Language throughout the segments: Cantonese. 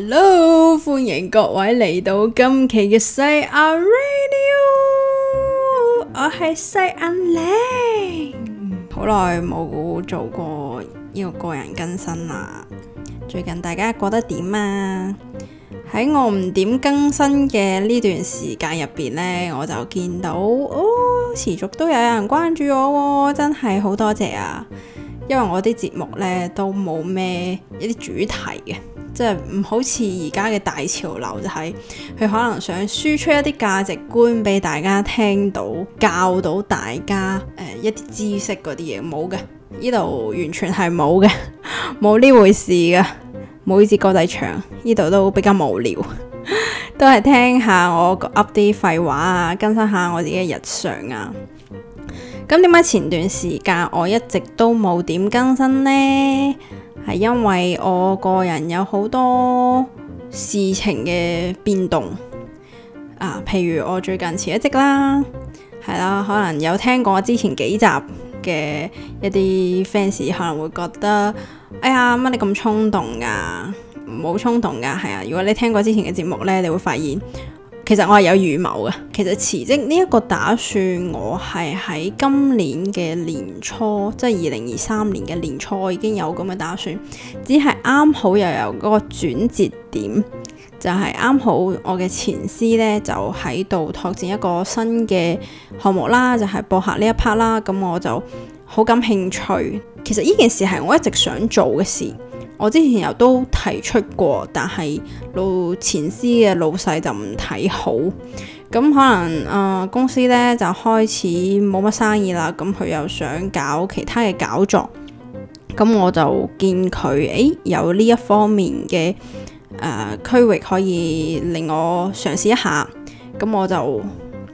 Hello，歡迎各位嚟到今期嘅細眼 Radio，我係細眼 Lam，好耐冇做過呢個個人更新啦。最近大家過得點啊？喺我唔點更新嘅呢段時間入邊呢，我就見到哦，持續都有人關注我、哦，真係好多謝啊！因為我啲節目呢都冇咩一啲主題嘅。即係唔好似而家嘅大潮流，就係、是、佢可能想輸出一啲價值觀俾大家聽到，教到大家誒、呃、一啲知識嗰啲嘢冇嘅，呢度完全係冇嘅，冇呢回事嘅，唔好意思，歌仔長呢度都比較無聊，都係聽下我 up 啲廢話啊，更新下我自己嘅日常啊。咁點解前段時間我一直都冇點更新呢？係因為我個人有好多事情嘅變動啊，譬如我最近辭咗職啦，係啦，可能有聽過之前幾集嘅一啲 fans 可能會覺得，哎呀乜你咁衝動噶、啊？唔好衝動噶，係啊！如果你聽過之前嘅節目呢，你會發現。其實我係有預謀嘅，其實辭職呢一個打算，我係喺今年嘅年初，即係二零二三年嘅年初已經有咁嘅打算，只係啱好又有嗰個轉折點，就係、是、啱好我嘅前司呢，就喺度拓展一個新嘅項目啦，就係播客呢一 part 啦，咁我就好感興趣。其實呢件事係我一直想做嘅事。我之前又都提出過，但係老前司嘅老細就唔睇好，咁可能啊、呃、公司呢就開始冇乜生意啦，咁佢又想搞其他嘅搞作，咁我就見佢誒、欸、有呢一方面嘅誒、呃、區域可以令我嘗試一下，咁我就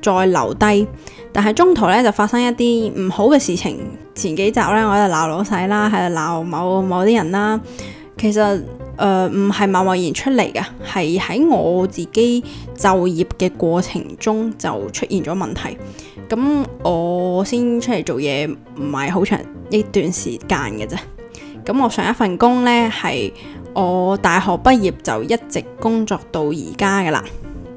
再留低，但係中途呢就發生一啲唔好嘅事情，前幾集呢，我就鬧老細啦，喺度鬧某某啲人啦。其實誒唔係貿貿然出嚟嘅，係喺我自己就業嘅過程中就出現咗問題。咁我先出嚟做嘢唔係好長一段時間嘅啫。咁我上一份工呢，係我大學畢業就一直工作到而家噶啦，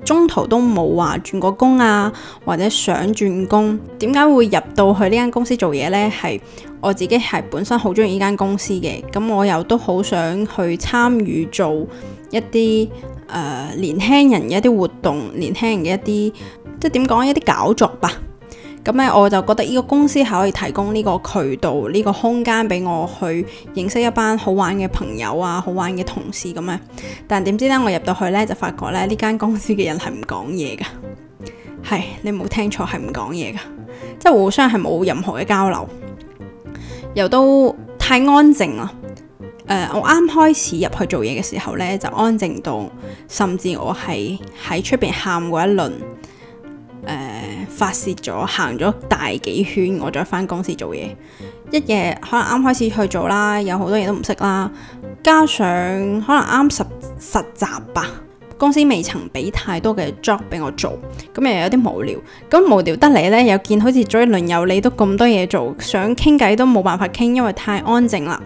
中途都冇話轉過工啊，或者想轉工。點解會入到去呢間公司做嘢呢？係我自己係本身好中意呢間公司嘅，咁我又都好想去參與做一啲誒、呃、年輕人嘅一啲活動，年輕人嘅一啲即係點講一啲搞作吧。咁咧我就覺得呢個公司係可以提供呢個渠道、呢、呢個空間俾我去認識一班好玩嘅朋友啊，好玩嘅同事咁啊。但點知咧，我入到去咧就發覺咧呢間公司嘅人係唔講嘢噶，係你冇聽錯，係唔講嘢噶，即係互相係冇任何嘅交流。又都太安靜啦、呃，我啱開始入去做嘢嘅時候呢，就安靜到，甚至我係喺出邊喊過一輪，誒、呃、發泄咗，行咗大幾圈，我再返公司做嘢。一夜可能啱開始去做啦，有好多嘢都唔識啦，加上可能啱實實習吧。公司未曾俾太多嘅 job 俾我做，咁又有啲無聊，咁無聊得嚟呢，又見好似追一輪右，你都咁多嘢做，想傾偈都冇辦法傾，因為太安靜啦、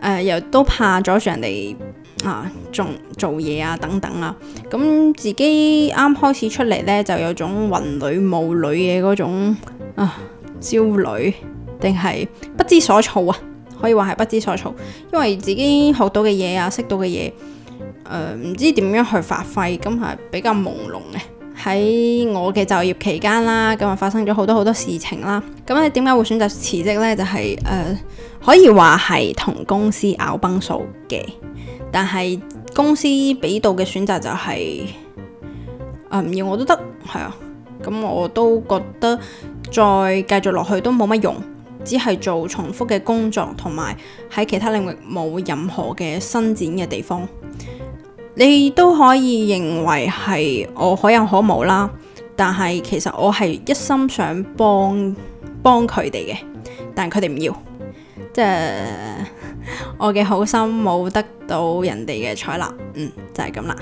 呃。又都怕阻住人哋啊，做做嘢啊等等啦。咁、啊、自己啱開始出嚟呢，就有種雲裏霧裏嘅嗰種啊焦慮，定係不知所措啊？可以話係不知所措，因為自己學到嘅嘢啊，識到嘅嘢。誒唔、嗯、知點樣去發揮，咁、嗯、係比較朦朧嘅。喺我嘅就業期間啦，咁、嗯、啊發生咗好多好多事情啦。咁你點解會選擇辭職呢？就係、是、誒、嗯、可以話係同公司拗崩數嘅，但係公司俾到嘅選擇就係、是、唔、嗯、要我都得，係啊。咁、嗯、我都覺得再繼續落去都冇乜用，只係做重複嘅工作，同埋喺其他領域冇任何嘅伸展嘅地方。你都可以認為係我可有可無啦，但係其實我係一心想幫幫佢哋嘅，但佢哋唔要，即係我嘅好心冇得到人哋嘅採納，嗯，就係咁啦。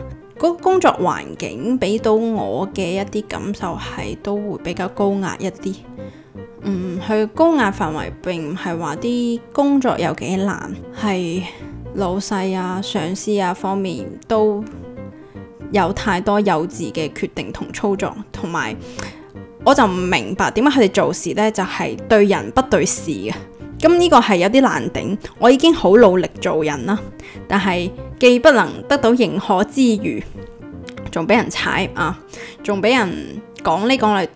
工作環境俾到我嘅一啲感受係都會比較高壓一啲，嗯，係高壓氛圍並唔係話啲工作有幾難，係。老細啊、上司啊方面都有太多幼稚嘅決定同操作，同埋我就唔明白點解佢哋做事呢就係、是、對人不對事嘅。咁呢個係有啲難頂，我已經好努力做人啦，但係既不能得到認可之餘，仲俾人踩啊，仲俾人講呢講嚟。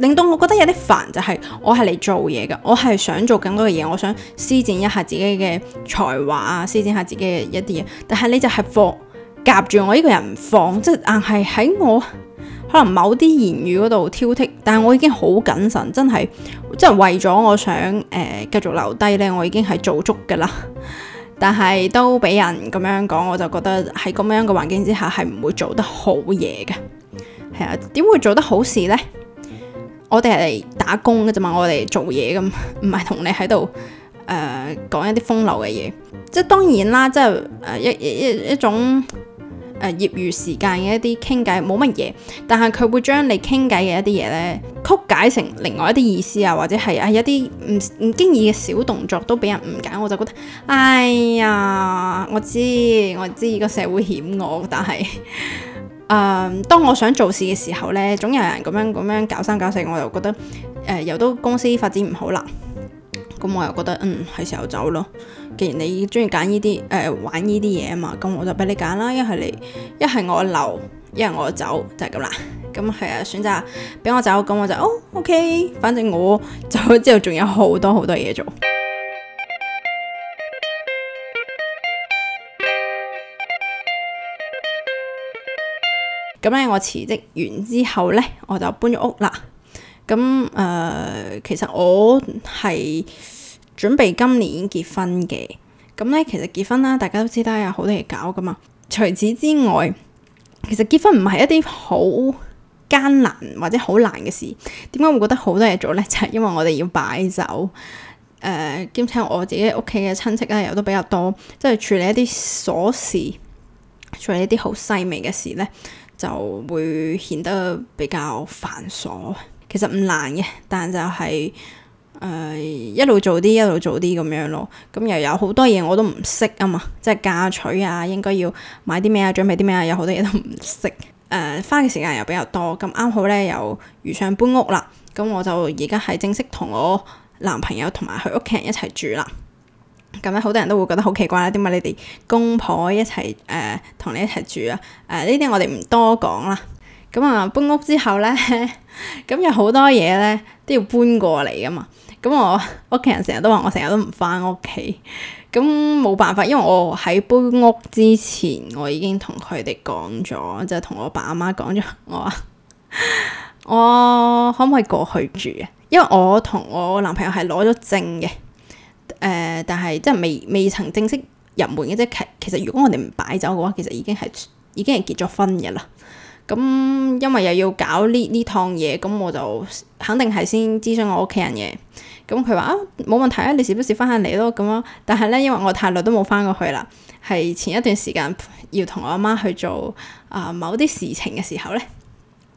令到我覺得有啲煩，就係我係嚟做嘢嘅，我係想做更多嘅嘢，我想施展一下自己嘅才華啊，施展下自己嘅一啲嘢。但係你就係放夾住我呢個人放，即係硬係喺我可能某啲言語嗰度挑剔。但係我已經好謹慎，真係即係為咗我想誒繼續留低咧，我已經係做足噶啦。但係都俾人咁樣講，我就覺得喺咁樣嘅環境之下係唔會做得好嘢嘅，係啊，點會做得好事呢？我哋係嚟打工嘅啫嘛，我哋做嘢咁，唔係同你喺度誒講一啲風流嘅嘢。即係當然啦，即係誒一一一種誒、呃、業餘時間嘅一啲傾偈，冇乜嘢。但係佢會將你傾偈嘅一啲嘢呢，曲解成另外一啲意思啊，或者係啊一啲唔唔經意嘅小動作都俾人誤解。我就覺得，哎呀，我知我知，個社會險惡，但係。 誒，uh, 當我想做事嘅時候呢，總有人咁樣咁樣搞三搞四，我又覺得誒又都公司發展唔好啦，咁我又覺得嗯係時候走咯。既然你中意揀呢啲誒玩呢啲嘢啊嘛，咁我就俾你揀啦。一係你，一係我留，一係我走，就係咁啦。咁係啊，選擇俾我走，咁我就哦 OK。Okay, 反正我走咗之後仲有好多好多嘢做。咁咧，我辭職完之後咧，我就搬咗屋啦。咁誒、呃，其實我係準備今年結婚嘅。咁咧，其實結婚啦，大家都知啦，有好多嘢搞噶嘛。除此之外，其實結婚唔係一啲好艱難或者好難嘅事。點解會覺得好多嘢做咧？就係、是、因為我哋要擺酒誒，兼、呃、且我自己屋企嘅親戚咧，又都比較多，即、就、係、是、處理一啲鎖匙，處理一啲好細微嘅事咧。就會顯得比較繁瑣，其實唔難嘅，但就係、是、誒、呃、一路做啲一路做啲咁樣咯。咁又有好多嘢我都唔識啊嘛，即係嫁娶啊，應該要買啲咩啊，準備啲咩啊，有好多嘢都唔識誒，花、呃、嘅時間又比較多。咁啱好咧，又遇上搬屋啦，咁、嗯、我就而家係正式同我男朋友同埋佢屋企人一齊住啦。咁咧，好多人都會覺得好奇怪啦，點解你哋公婆一齊誒同你一齊住啊？誒呢啲我哋唔多講啦。咁、嗯、啊，搬屋之後咧，咁、 嗯、有好多嘢咧都要搬過嚟㗎嘛。咁、嗯、我屋企人成日都話我成日都唔返屋企，咁、嗯、冇辦法，因為我喺搬屋之前，我已經同佢哋講咗，就同、是、我阿爸阿媽講咗，我 話我可唔可以過去住啊？因為我同我男朋友係攞咗證嘅。誒、呃，但係即係未未曾正式入門嘅啫。其其實如果我哋唔擺酒嘅話，其實已經係已經係結咗婚嘅啦。咁、嗯、因為又要搞呢呢趟嘢，咁、嗯、我就肯定係先諮詢我屋企人嘅。咁佢話啊，冇問題啊，你時不時翻下嚟咯咁咯。但係咧，因為我太耐都冇翻過去啦，係前一段時間要同我阿媽去做啊、呃、某啲事情嘅時候咧，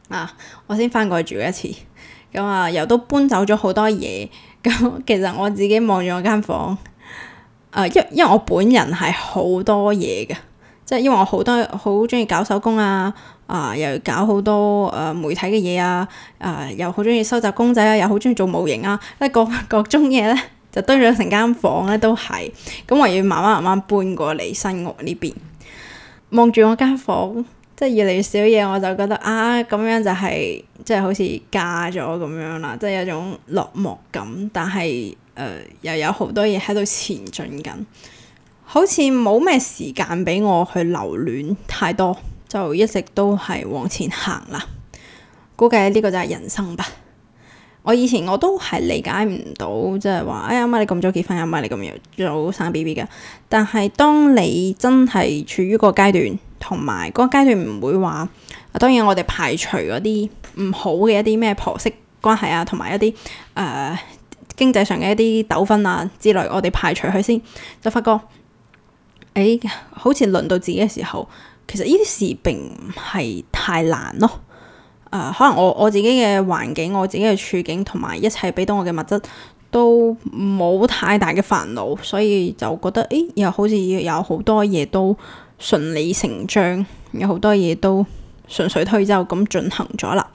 啊我先翻過去住一次。咁、嗯、啊又都搬走咗好多嘢。咁 其實我自己望住我間房，誒、呃，因因為我本人係好多嘢嘅，即係因為我好多好鍾意搞手工啊，呃呃、啊，又搞好多誒媒體嘅嘢啊，啊，又好鍾意收集公仔啊，又好鍾意做模型啊，一各各種嘢咧就堆咗成間房咧都係，咁我要慢慢慢慢搬過嚟新屋呢邊，望住我間房。即係越嚟越少嘢，我就覺得啊，咁樣就係即係好似嫁咗咁樣啦，即係有種落寞感。但係誒、呃，又有好多嘢喺度前進緊，好似冇咩時間俾我去留戀太多，就一直都係往前行啦。估計呢個就係人生吧。我以前我都係理解唔到，即係話哎呀媽，媽你，媽媽你咁早結婚，又咪你咁樣早生 B B 㗎？但係當你真係處於個階段。同埋嗰個階段唔會話，當然我哋排除嗰啲唔好嘅一啲咩婆媳關係啊，同埋一啲誒、呃、經濟上嘅一啲糾紛啊之類，我哋排除佢先，就發覺，誒、哎、好似輪到自己嘅時候，其實呢啲事並唔係太難咯。誒、呃，可能我我自己嘅環境，我自己嘅處境，同埋一切俾到我嘅物質，都冇太大嘅煩惱，所以就覺得，誒、哎、又好似有好多嘢都，順理成章，有好多嘢都順水推舟咁進行咗啦。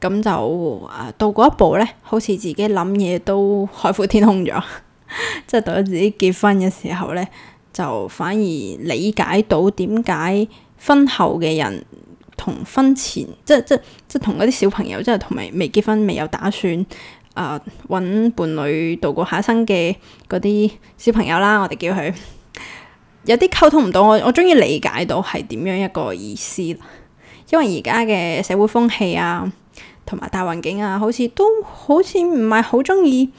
咁就啊到嗰一步呢，好似自己諗嘢都海闊天空咗。即 係到咗自己結婚嘅時候呢，就反而理解到點解婚後嘅人同婚前即係即係即係同嗰啲小朋友，即係同埋未結婚、未有打算揾、啊、伴侶度過下生嘅嗰啲小朋友啦，我哋叫佢。有啲溝通唔到我，我我終於理解到係點樣一個意思，因為而家嘅社會風氣啊，同埋大環境啊，好似都好似唔係好中意，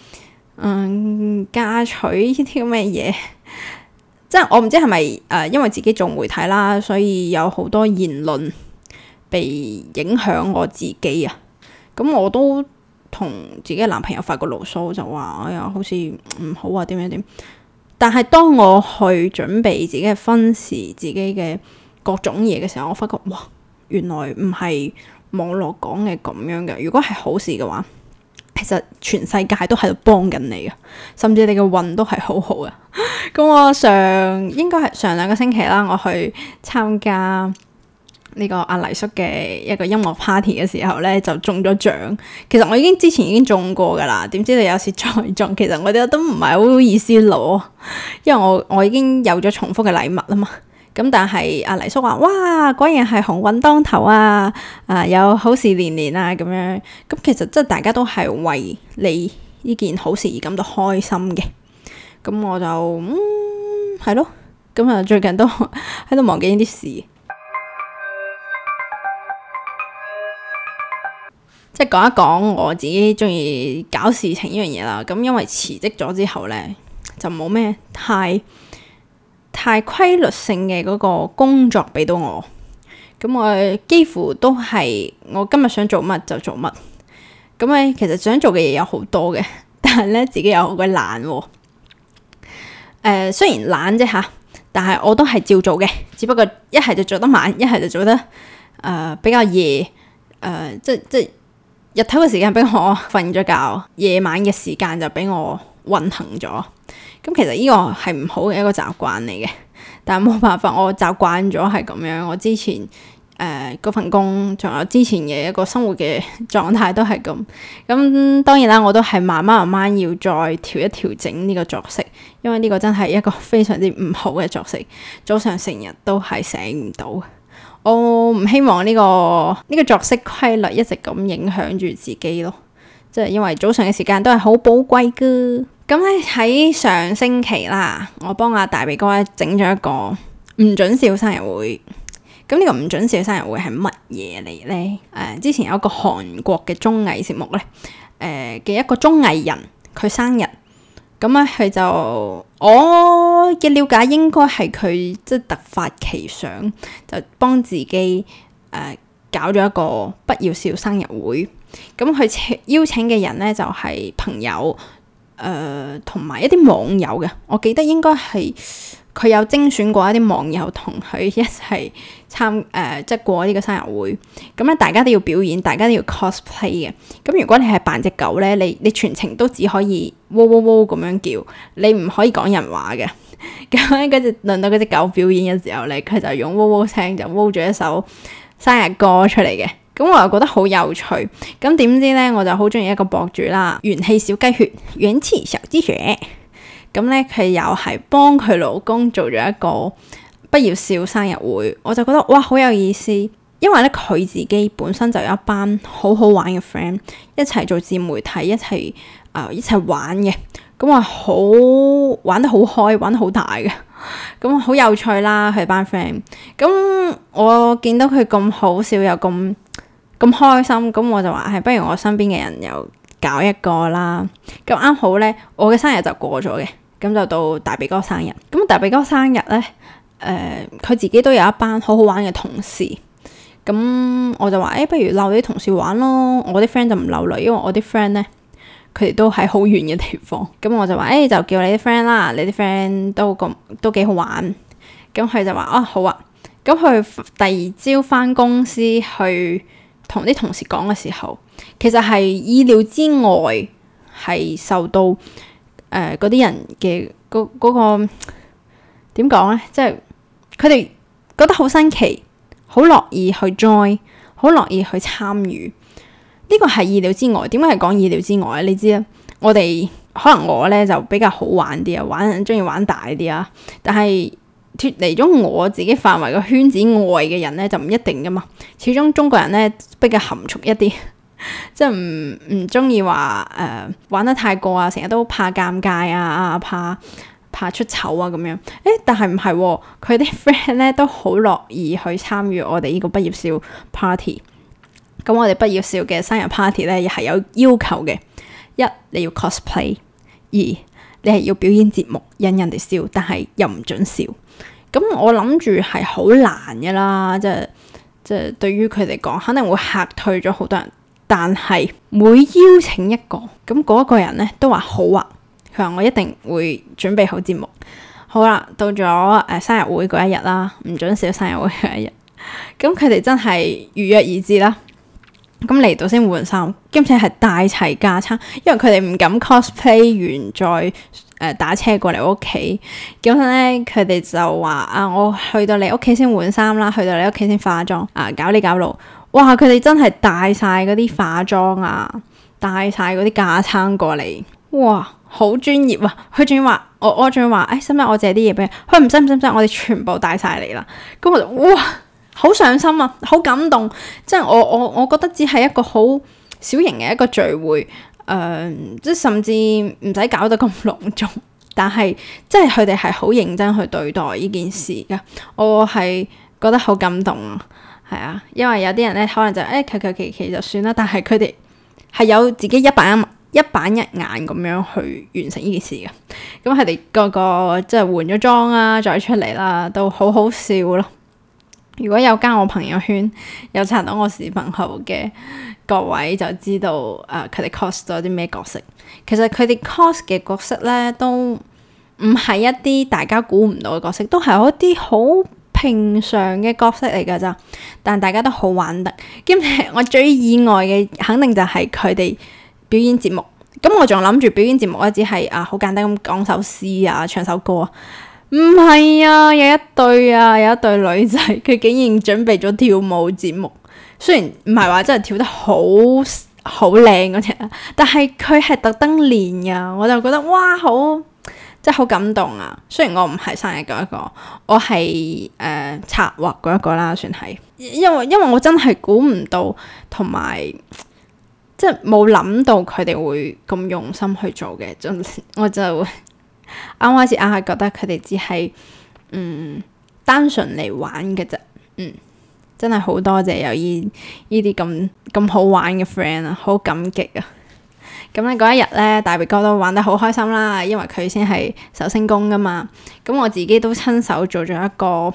嗯，嫁娶呢啲咁嘅嘢。即係我唔知係咪誒，因為自己做媒體啦，所以有好多言論被影響我自己啊。咁我都同自己嘅男朋友發過牢騷，就話：哎呀，好似唔好啊，點樣點？但係當我去準備自己嘅婚事，自己嘅各種嘢嘅時候，我發覺哇，原來唔係網絡講嘅咁樣嘅。如果係好事嘅話，其實全世界都喺度幫緊你嘅，甚至你嘅運都係好好嘅。咁 我上應該係上兩個星期啦，我去參加。呢、這個阿黎叔嘅一個音樂 party 嘅時候呢，就中咗獎。其實我已經之前已經中過噶啦，點知你有時再中，其實我哋都唔係好意思攞，因為我我已經有咗重複嘅禮物啦嘛。咁但係阿黎叔話，哇，果然係鴻運當頭啊！啊，有好事連連啊！咁樣，咁、嗯、其實即係大家都係為你呢件好事而感到開心嘅。咁、嗯、我就嗯係咯，咁啊最近都喺度忙緊呢啲事。講一講我自己中意搞事情呢樣嘢啦。咁因為辭職咗之後呢，就冇咩太太規律性嘅嗰個工作俾到我。咁我幾乎都係我今日想做乜就做乜。咁我，其實想做嘅嘢有好多嘅，但係咧自己有好鬼懶、哦。誒、呃，雖然懶啫嚇，但係我都係照做嘅。只不過一係就做得慢，一係就做得誒、呃、比較夜誒、呃，即即。日頭嘅時間俾我瞓咗覺，夜晚嘅時間就俾我運行咗。咁其實呢個係唔好嘅一個習慣嚟嘅，但係冇辦法，我習慣咗係咁樣。我之前呃、嗰份工，仲有之前嘅一個生活嘅狀態都係咁。咁當然啦，我都係慢慢慢慢要再調一調整呢個作息，因為呢個真係一個非常之唔好嘅作息。早上成日都係醒唔到。我唔希望呢、這個呢、這個作息規律一直咁影響住自己咯，即係因為早上嘅時間都係好寶貴噶。咁咧喺上星期啦，我幫阿大鼻哥咧整咗一個唔準笑生日會。咁呢個唔準笑生日會係乜嘢嚟呢？誒、呃，之前有一個韓國嘅綜藝節目咧，誒、呃、嘅一個綜藝人佢生日。咁啊，佢就我嘅了解應該係佢即係突發奇想，就幫自己誒、呃、搞咗一個不要笑生日會。咁佢請邀請嘅人咧就係、係、朋友誒同埋一啲網友嘅，我記得應該係。佢有精選過一啲網友同佢一齊參誒，即、呃、係過呢個生日會。咁咧，大家都要表演，大家都要 cosplay 嘅。咁如果你係扮隻狗咧，你你全程都只可以喔喔喔咁樣叫，你唔可以講人話嘅。咁咧，嗰隻輪到嗰隻狗表演嘅時候咧，佢就用喔、wow、喔、wow、聲就喔咗一首生日歌出嚟嘅。咁我又覺得好有趣。咁點知咧，我就好中意一個博主啦，元氣小雞血，元氣小雞血。咁咧，佢又係幫佢老公做咗一個唔准笑生日會，我就覺得哇，好有意思，因為咧佢自己本身就有一班好好玩嘅 friend 一齊做自媒體，一齊啊、呃、一齊玩嘅，咁、嗯、話好玩得好開，玩得好大嘅，咁、嗯、好有趣啦佢班 friend，咁我見到佢咁好笑又咁咁開心，咁我就話係不如我身邊嘅人又搞一個啦，咁啱好咧我嘅生日就過咗嘅。咁就到大鼻哥生日，咁大鼻哥生日咧，誒、呃，佢自己都有一班好好玩嘅同事，咁我就話，誒、欸，不如撈啲同事玩咯，我啲 friend 就唔撈嚟，因為我啲 friend 咧，佢哋都喺好遠嘅地方，咁我就話，誒、欸，就叫你啲 friend 啦，你啲 friend 都咁都幾好玩，咁佢就話，啊，好啊，咁佢第二朝返公司去同啲同事講嘅時候，其實係意料之外，係受到。誒，嗰啲人嘅嗰嗰個點講咧，即係佢哋覺得好新奇，好樂意去 join，好樂意去參與。呢個係意料之外。點解係講意料之外咧？你知啦，我哋可能我咧就比較好玩啲啊，玩中意玩大啲啊。但係脫離咗我自己範圍嘅圈子外嘅人咧，就唔一定噶嘛。始終中國人咧，比較含蓄一啲。即係唔唔中意話誒玩得太過啊，成日都怕尷尬啊，怕怕出醜啊咁樣。誒、欸，但係唔係佢啲 friend 咧都好樂意去參與我哋呢個唔准笑 party。咁我哋唔准笑嘅生日 party 咧，係有要求嘅：一你要 cosplay；二你係要表演節目引人哋笑，但係又唔准笑。咁我諗住係好難噶啦，即係即係對於佢嚟講，肯定會嚇退咗好多人。但係每邀請一個，咁嗰一個人咧都話好啊，佢話我一定會準備好節目。好啦，到咗誒、呃、生日會嗰一日啦，唔准笑生日會嗰一日。咁佢哋真係如約而至啦。咁嚟到先換衫，兼且係帶齊架撐，因為佢哋唔敢 cosplay 完再誒打車過嚟我屋企。咁咧佢哋就話啊，我去到你屋企先換衫啦，去到你屋企先化妝啊，搞呢搞路。哇！佢哋真係帶晒嗰啲化妝啊，帶晒嗰啲架撐過嚟，哇，好專業啊！佢仲要話，我我仲要話，誒、哎，使唔使我借啲嘢俾佢？佢唔使唔使，我哋全部帶晒嚟啦。咁我就哇，好上心啊，好感動。即係我我我覺得只係一個好小型嘅一個聚會，誒、呃，即係甚至唔使搞得咁隆重，但係即係佢哋係好認真去對待呢件事噶。我係覺得好感動啊！係啊，因為有啲人咧可能就誒，求、欸、求其，求其就算啦。但係佢哋係有自己一板一,一板一眼咁樣去完成呢件事嘅。咁佢哋個個即係換咗妝啊，再出嚟啦，都好好笑咯。如果有加我朋友圈，有刷到我視頻號嘅各位就知道，誒、呃，佢哋 cos 咗啲咩角色。其實佢哋 cos 嘅角色咧都唔係一啲大家估唔到嘅角色，都係一啲好平常嘅角色嚟噶咋，但大家都好玩得。兼且我最意外嘅，肯定就係佢哋表演節目。咁、嗯、我仲諗住表演節目咧，只係啊好簡單咁講首詩啊，唱首歌啊。唔係啊，有一對啊，有一對女仔，佢竟然準備咗跳舞節目。雖然唔係話真係跳得好好靚嗰隻，但係佢係特登練噶，我就覺得哇好！即係好感動啊！雖然我唔係生日嗰一個，我係誒、呃、策劃嗰一個啦，算係。因為因為我真係估唔到，同埋即係冇諗到佢哋會咁用心去做嘅，我就啱 開始硬係覺得佢哋只係嗯單純嚟玩嘅啫。嗯，真係好多謝有意呢啲咁咁好玩嘅 friend 啊，好感激啊！咁咧嗰一日咧，大鼻哥都玩得好開心啦，因為佢先係壽星公噶嘛。咁我自己都親手做咗一個誒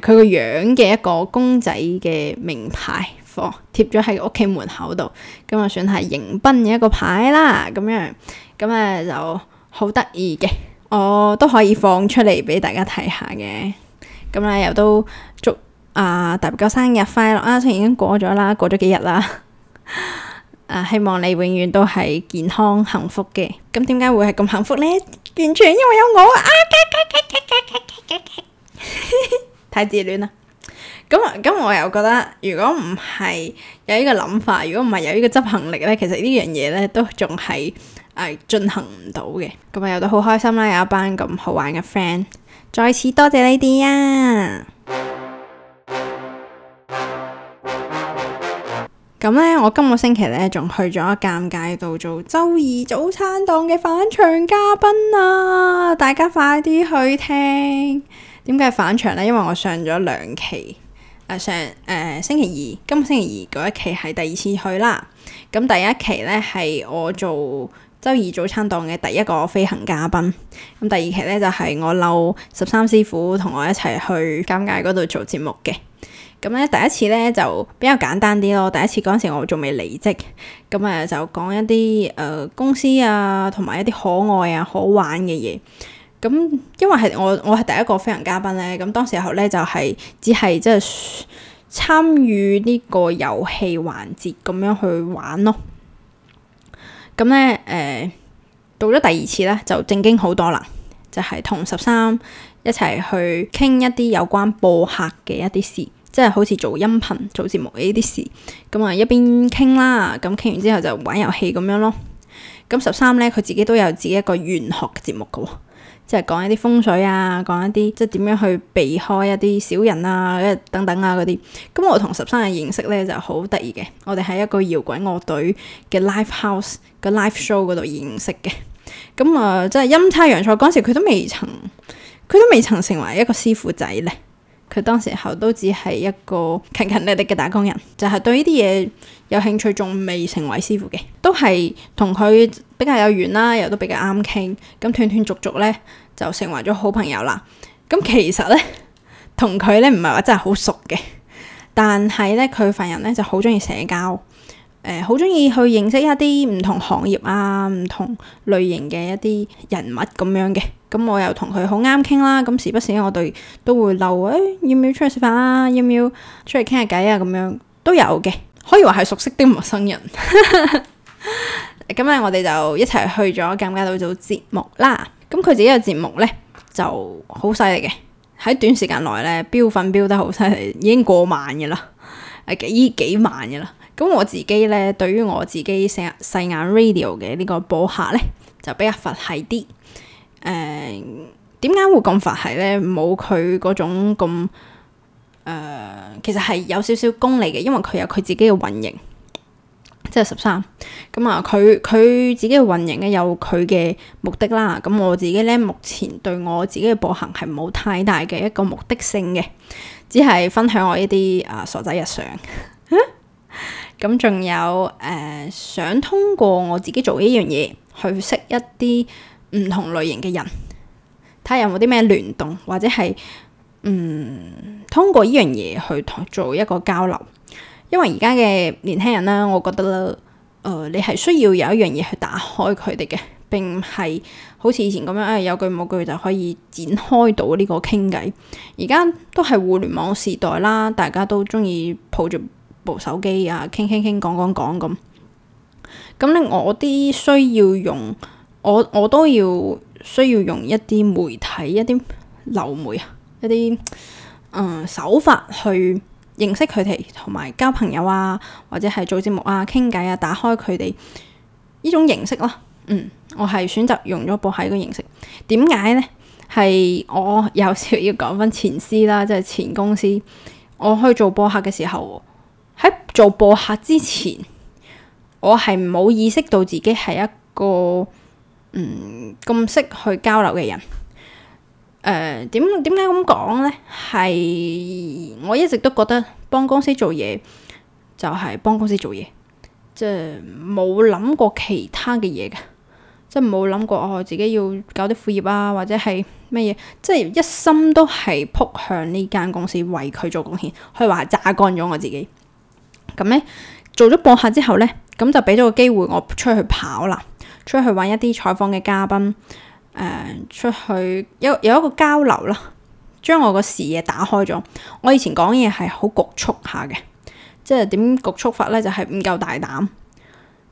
佢個樣嘅一個公仔嘅名牌貨，貼咗喺屋企門口度，咁啊算係迎賓嘅一個牌啦。咁樣咁啊就好得意嘅，我都可以放出嚟俾大家睇下嘅。咁咧又都祝啊、呃、大鼻哥生日快樂啊！雖然已經過咗啦，過咗幾日啦。 啊！希望你永遠都係健康幸福嘅。咁點解會係咁幸福呢？完全因為有我啊！啊啊啊啊啊啊 太自戀啦。咁咁我又覺得，如果唔係有呢個諗法，如果唔係有呢個執行力呢，其實呢樣嘢呢都仲係誒進行唔到嘅。咁啊，又都好開心啦，有一班咁好玩嘅 friend。再次多謝你哋啊！咁咧，我今個星期咧仲去咗尷尬度做周二早餐檔嘅返場嘉賓啊！大家快啲去聽。點解返場呢？因為我上咗兩期，呃、上誒、呃、星期二，今個星期二嗰一期係第二次去啦。咁第一期咧係我做周二早餐檔嘅第一個飛行嘉賓。咁第二期咧就係、是、我嬲十三師傅同我一齊去尷尬嗰度做節目嘅。咁咧，第一次咧就比較簡單啲咯。第一次嗰陣時，我仲未離職，咁、嗯、誒就講一啲誒、呃、公司啊，同埋一啲可愛啊、好玩嘅嘢。咁、嗯、因為係我我係第一個飛行嘉賓咧，咁、嗯、當時候咧就係、是、只係即係參與呢個遊戲環節咁樣去玩咯。咁咧誒到咗第二次咧就正經好多啦，就係同十三一齊去傾一啲有關播客嘅一啲事。即係好似做音頻、做節目呢啲事，咁、嗯、啊一邊傾啦，咁傾完之後就玩遊戲咁樣咯。咁十三咧，佢自己都有自己一個玄學嘅節目噶，即係講一啲風水啊，講一啲即係點樣去避開一啲小人啊，一等等啊嗰啲。咁我同十三嘅認識咧就好得意嘅，我哋喺一個搖滾樂隊嘅 live house 個 live show 嗰度認識嘅。咁、嗯、啊、嗯，即係陰差陽錯嗰時，佢都未曾，佢都未曾成為一個師傅仔咧。佢當時候都只係一個勤勤力力嘅打工人，就係對呢啲嘢有興趣，仲未成為師傅嘅，都係同佢比較有緣啦，又都比較啱傾，咁斷斷續續咧就成為咗好朋友啦。咁其實咧，同佢咧唔係話真係好熟嘅，但係咧佢份人咧就好中意社交，誒好中意去認識一啲唔同行業啊、唔同類型嘅一啲人物咁樣嘅。咁我又同佢好啱傾啦，咁時不時我哋都會嬲、啊，誒要唔要出嚟食飯啊？要唔要出嚟傾下偈啊？咁樣都有嘅，可以話係熟悉的陌生人。咁 啊、嗯，我哋就一齊去咗《尷尬度》做節目啦。咁、嗯、佢自己嘅節目咧就好犀利嘅，喺短時間內咧飆粉飆得好犀利，已經過萬嘅啦，係幾幾萬嘅啦。咁、嗯、我自己咧，對於我自己細細眼 radio 嘅呢個播客咧，就比較佛系啲。誒，點解、呃、會咁佛系呢？冇佢嗰種咁誒、呃，其實係有少少功利嘅，因為佢有佢自己嘅運營，即係十三咁啊！佢、嗯、佢、呃、自己嘅運營咧有佢嘅目的啦。咁、嗯、我自己咧，目前對我自己嘅播客係冇太大嘅一個目的性嘅，只係分享我呢啲啊傻仔日常。咁 仲、嗯、有誒、呃，想通過我自己做呢樣嘢去識一啲唔同類型嘅人，睇下有冇啲咩聯動，或者係，嗯，通過依樣嘢去同做一個交流。因為而家嘅年輕人咧，我覺得咧、呃，你係需要有一樣嘢去打開佢哋嘅，並唔係好似以前咁樣啊，有句冇句就可以展開到呢個傾偈。而家都係互聯網時代啦，大家都中意抱住部手機啊，傾傾傾講講講，咁。咁咧，聊聊我啲需要用。我我都要需要用一啲媒體一啲流媒啊，一啲、嗯、手法去認識佢哋，同埋交朋友啊，或者係做節目啊、傾偈啊，打開佢哋呢種形式咯。嗯，我係選擇用咗播客一個形式，點解呢？係我有時要講翻前司啦，即係前公司，我去做播客嘅時候，喺做播客之前，我係冇意識到自己係一個。嗯，咁識去交流嘅人，誒、呃，點點解咁講呢？係我一直都覺得幫公司做嘢就係、是、幫公司做嘢，即係冇諗過其他嘅嘢嘅，即係冇諗過哦我自己要搞啲副業啊，或者係乜嘢，即、就、係、是、一心都係撲向呢間公司為，為佢做貢獻，可以話係榨乾咗我自己。咁呢，做咗播客之後呢，咁就俾咗個機會我出去跑啦。出去揾一啲採訪嘅嘉賓，誒、呃、出去有有一個交流啦，將我個視野打開咗。我以前講嘢係好局促下嘅，即係點局促法呢？就係、是、唔夠大膽。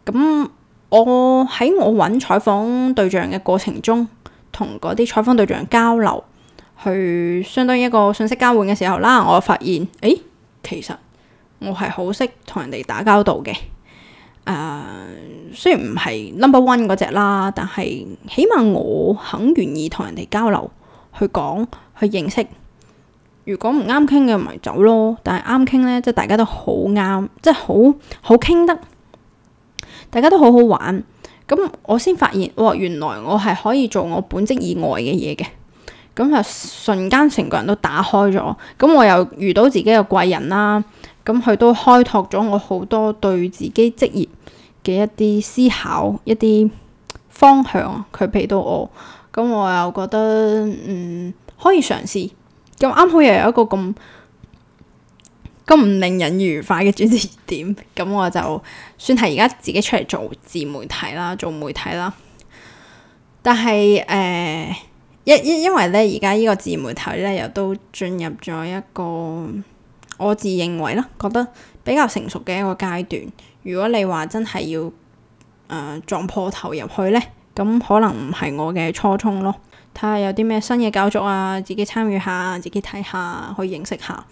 咁我喺我揾採訪對象嘅過程中，同嗰啲採訪對象交流，去相當於一個信息交換嘅時候啦，我發現，誒、欸、其實我係好識同人哋打交道嘅。誒，uh, 雖然唔係 number one 嗰隻啦，但係起碼我肯願意同人哋交流，去講，去認識。如果唔啱傾嘅咪走咯，但係啱傾呢，即係大家都好啱，即係好好傾得，大家都好好玩。咁我先發現，哇、哦，原來我係可以做我本職以外嘅嘢嘅。咁就瞬間成個人都打開咗。咁我又遇到自己嘅貴人啦。咁佢都開拓咗我好多對自己職業嘅一啲思考，一啲方向。佢俾到我，咁我又覺得嗯，可以嘗試。咁啱好又有一個咁咁唔令人愉快嘅轉折點，咁我就算係而家自己出嚟做自媒體啦，做媒體啦。但係誒、呃，因因因為咧，而家呢個自媒體咧，又都進入咗一個。我自認為啦，覺得比較成熟嘅一個階段。如果你話真係要、呃、撞破頭入去呢，咁可能唔係我嘅初衷咯。睇下有啲咩新嘅搞作啊，自己參與下，自己睇下，去認識下。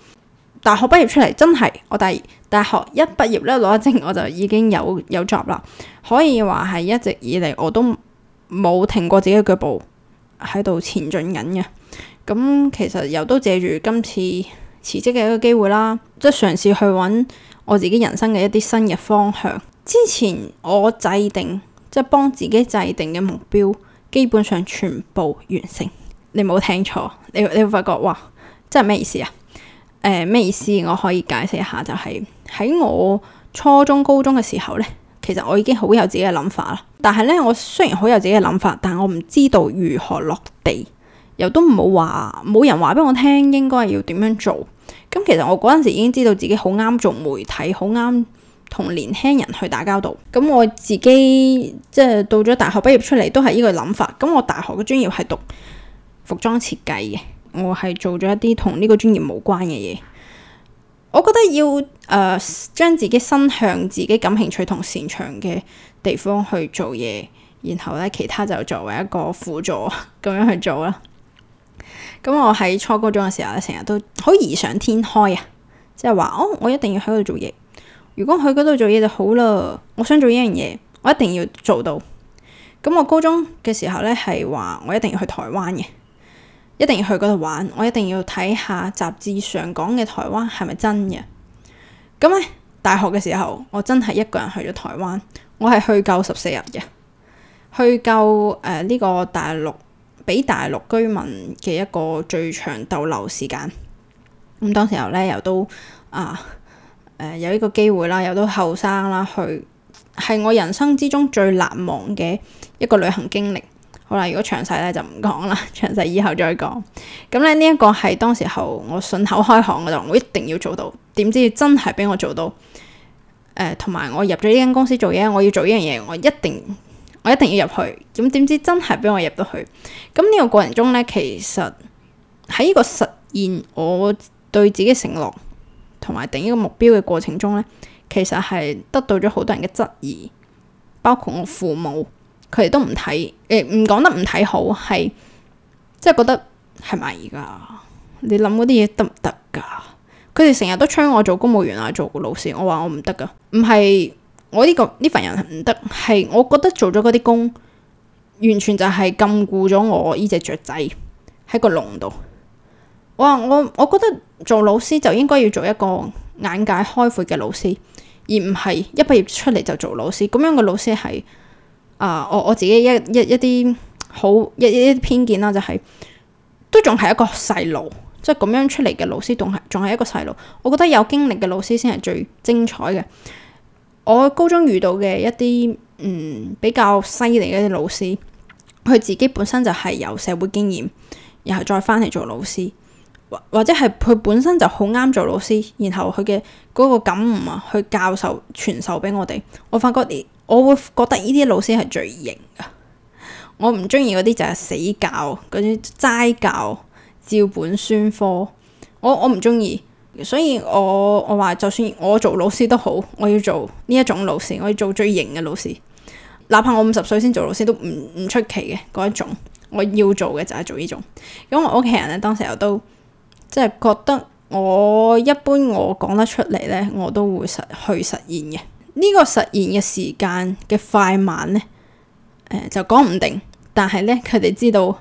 大學畢業出嚟真係我大大學一畢業咧，攞一證，我就已經有有 job 啦。可以話係一直以嚟我都冇停過自己嘅腳步喺度前進緊嘅。咁其實又都借住今次，辭職嘅一個機會啦，即係嘗試去揾我自己人生嘅一啲新嘅方向。之前我制定，即係幫自己制定嘅目標，基本上全部完成。你冇聽錯，你你會發覺哇，即係咩意思啊？誒咩意思？我可以解釋一下，就係喺我初中、高中嘅時候呢，其實我已經好有自己嘅諗法啦。但係呢，我雖然好有自己嘅諗法，但我唔知道如何落地，又都唔好話冇人話俾我聽應該要點樣做。咁其實我嗰陣時已經知道自己好啱做媒體，好啱同年輕人去打交道。咁我自己即係到咗大學畢業出嚟，都係呢個諗法。咁我大學嘅專業係讀服裝設計嘅，我係做咗一啲同呢個專業冇關嘅嘢。我覺得要誒將、呃、自己伸向自己感興趣同擅長嘅地方去做嘢，然後咧其他就作為一個輔助咁樣去做啦。咁我喺初高中嘅時候咧，成日都好異想天開啊，即係話哦，我一定要喺嗰度做嘢，如果去嗰度做嘢就好啦。我想做呢樣嘢，我一定要做到。咁我高中嘅時候咧，係話我一定要去台灣嘅，一定要去嗰度玩，我一定要睇下雜誌上講嘅台灣係咪真嘅。咁咧，大學嘅時候，我真係一個人去咗台灣，我係去夠十四日嘅，去夠誒呢個大陸。俾大陸居民嘅一個最長逗留時間，咁、嗯、當時候咧又都啊誒、呃、有呢個機會啦，又都後生啦，去係我人生之中最難忘嘅一個旅行經歷。好啦，如果詳細咧就唔講啦，詳細以後再講。咁咧呢一個係當時候我信口開河，我就我一定要做到。點知真係俾我做到誒，同、呃、埋我入咗呢間公司做嘢，我要做呢樣嘢，我一定。我一定要入去，咁點知真係俾我入到去？咁呢個過程中呢，其實喺呢個實現我對自己承諾同埋定呢個目標嘅過程中呢，其實係得到咗好多人嘅質疑，包括我父母，佢哋都唔睇，誒，唔講得唔睇好，係即係覺得係咪㗎？你諗嗰啲嘢得唔得㗎？佢哋成日都催我做公務員啊，做個老師，我話我唔得㗎，唔係。我呢個呢份人唔得，係我覺得做咗嗰啲工，完全就係禁錮咗我呢隻雀仔喺個籠度。哇！我我覺得做老師就應該要做一個眼界開闊嘅老師，而唔係一畢業出嚟就做老師。咁樣嘅老師係啊，我我自己一一一啲好一一啲偏見啦，就係都仲係一個細路，即係咁樣出嚟嘅老師，仲係仲係一個細路。我覺得有經歷嘅老師先係最精彩嘅。我高中遇到嘅一啲嗯，比較犀利嘅啲老師，佢自己本身就係有社會經驗，然後再翻嚟做老師，或，或者係佢本身就好啱做老師，然後佢嘅嗰個感悟啊，去教授傳授俾我哋。我發覺你，我會覺得呢啲老師係最型噶。我唔中意嗰啲就係死教嗰啲齋教照本宣科，我我唔中意。所以我我話就算我做老師都好，我要做呢一種老師，我要做最型嘅老師。哪怕我五十歲先做老師都唔唔出奇嘅嗰一種。我要做嘅就係做呢種。咁我屋企人咧當時又都即係覺得我一般我講得出嚟咧，我都會實去實現嘅。呢個實現嘅時間嘅快慢咧，呃，就講唔定。但係咧佢哋知道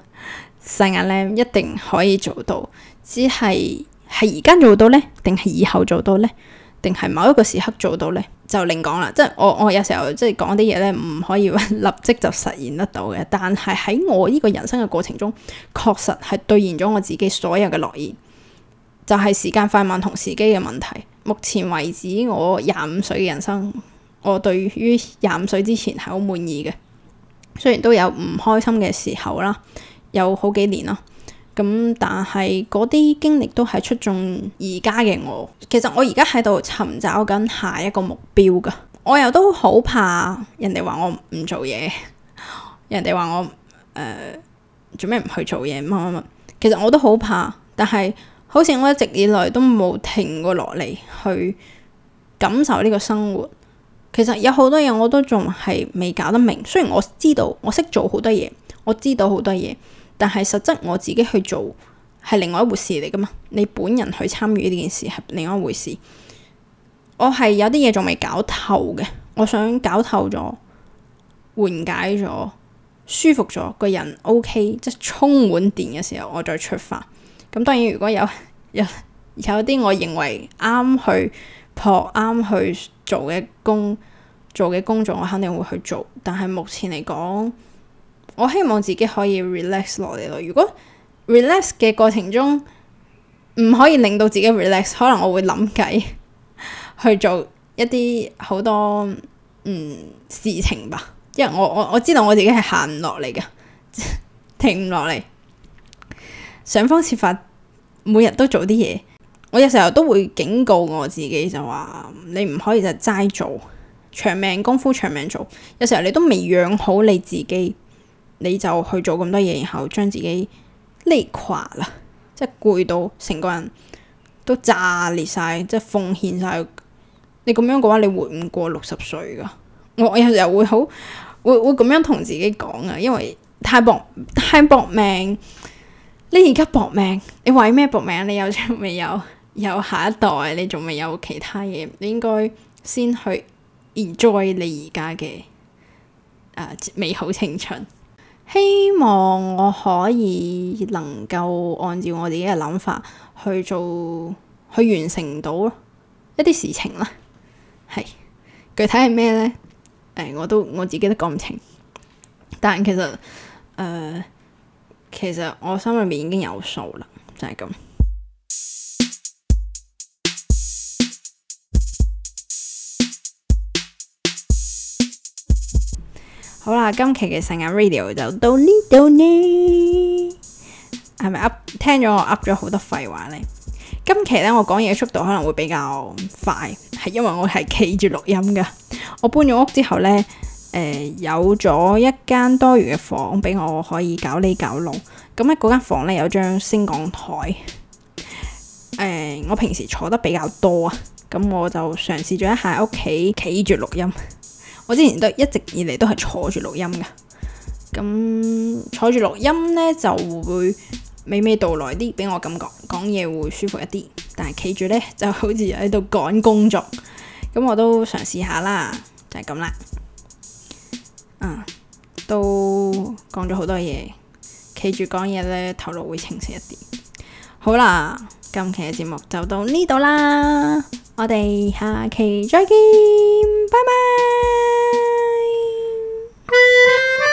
細眼咧一定可以做到，只係。係而家做到呢？定係以後做到呢？定係某一個時刻做到呢？就另講啦。即係我我有時候即係講啲嘢咧，唔可以立即就實現得到嘅。但係喺我呢個人生嘅過程中，確實係兌現咗我自己所有嘅諾言。就係時間快慢同時機嘅問題。目前為止，我廿五歲嘅人生，我對於廿五歲之前係好滿意嘅。雖然都有唔開心嘅時候啦，有好幾年啦。咁、嗯、但係嗰啲經歷都係出眾，而家嘅我，其實我而家喺度尋找緊下一個目標噶，我又都好怕人哋話我唔做嘢，人哋話我誒、呃、做咩唔去做嘢，乜乜乜，其實我都好怕，但係好似我一直以來都冇停過落嚟去感受呢個生活，其實有好多嘢我都仲係未搞得明，雖然我知道我識做好多嘢，我知道好多嘢。但係實質我自己去做係另外一回事嚟噶嘛，你本人去參與呢件事係另外一回事。我係有啲嘢仲未搞透嘅，我想搞透咗，緩解咗，舒服咗，個人 OK，即係充滿電嘅時候，我再出發。咁當然如果有有有啲我認為啱去破啱去做嘅工作嘅工作，工作我肯定會去做。但係目前嚟講，我希望自己可以 relax 落嚟咯。如果 relax 嘅過程中唔可以令到自己 relax，可能我會諗計去做一啲好多嗯事情吧。因為我我我知道我自己係行唔落嚟㗎，停唔落嚟，想方設法每日都做啲嘢。我有時候都會警告我自己就話：你唔可以就齋做長命功夫長命做。有時候你都未養好你自己。你就去做咁多嘢，然後將自己匿垮啦，即係攰到成個人都炸裂晒，即係奉獻晒。你咁樣嘅話，你活唔過六十歲噶。我我有時候會好會會咁樣同自己講啊，因為太搏太搏命。你而家搏命，你為咩搏命？你又未有 有，有下一代，你仲未有其他嘢，你應該先去 enjoy 你而家嘅美好青春。希望我可以能夠按照我自己嘅諗法去做，去完成到一啲事情啦。係具體係咩咧？誒、哎，我都我自己都講唔清。但其實誒、呃，其實我心裏面已經有數啦，就係、是、咁。好啦，今期嘅細眼 radio 就到呢度呢，係咪 up？聽咗我 up 咗好多廢話呢。今期呢，我講嘢速度可能會比較快，係因為我係企住錄音噶。我搬咗屋之後呢，誒、呃、有咗一間多餘嘅房俾我可以搞呢搞路。咁咧嗰間房間呢，有張升降台，誒、呃、我平時坐得比較多啊，咁我就嘗試咗一下喺屋企企住錄音。我之前都一直以嚟都係坐住錄音噶，咁坐住錄音呢，就會娓娓道來啲，俾我感覺講嘢會舒服一啲。但係企住呢，就好似喺度趕工作，咁我都嘗試下啦，就係咁啦。嗯，都講咗好多嘢，企住講嘢呢，頭腦會清晰一啲。好啦。今期嘅節目就到呢度啦，我哋下期再見，拜拜。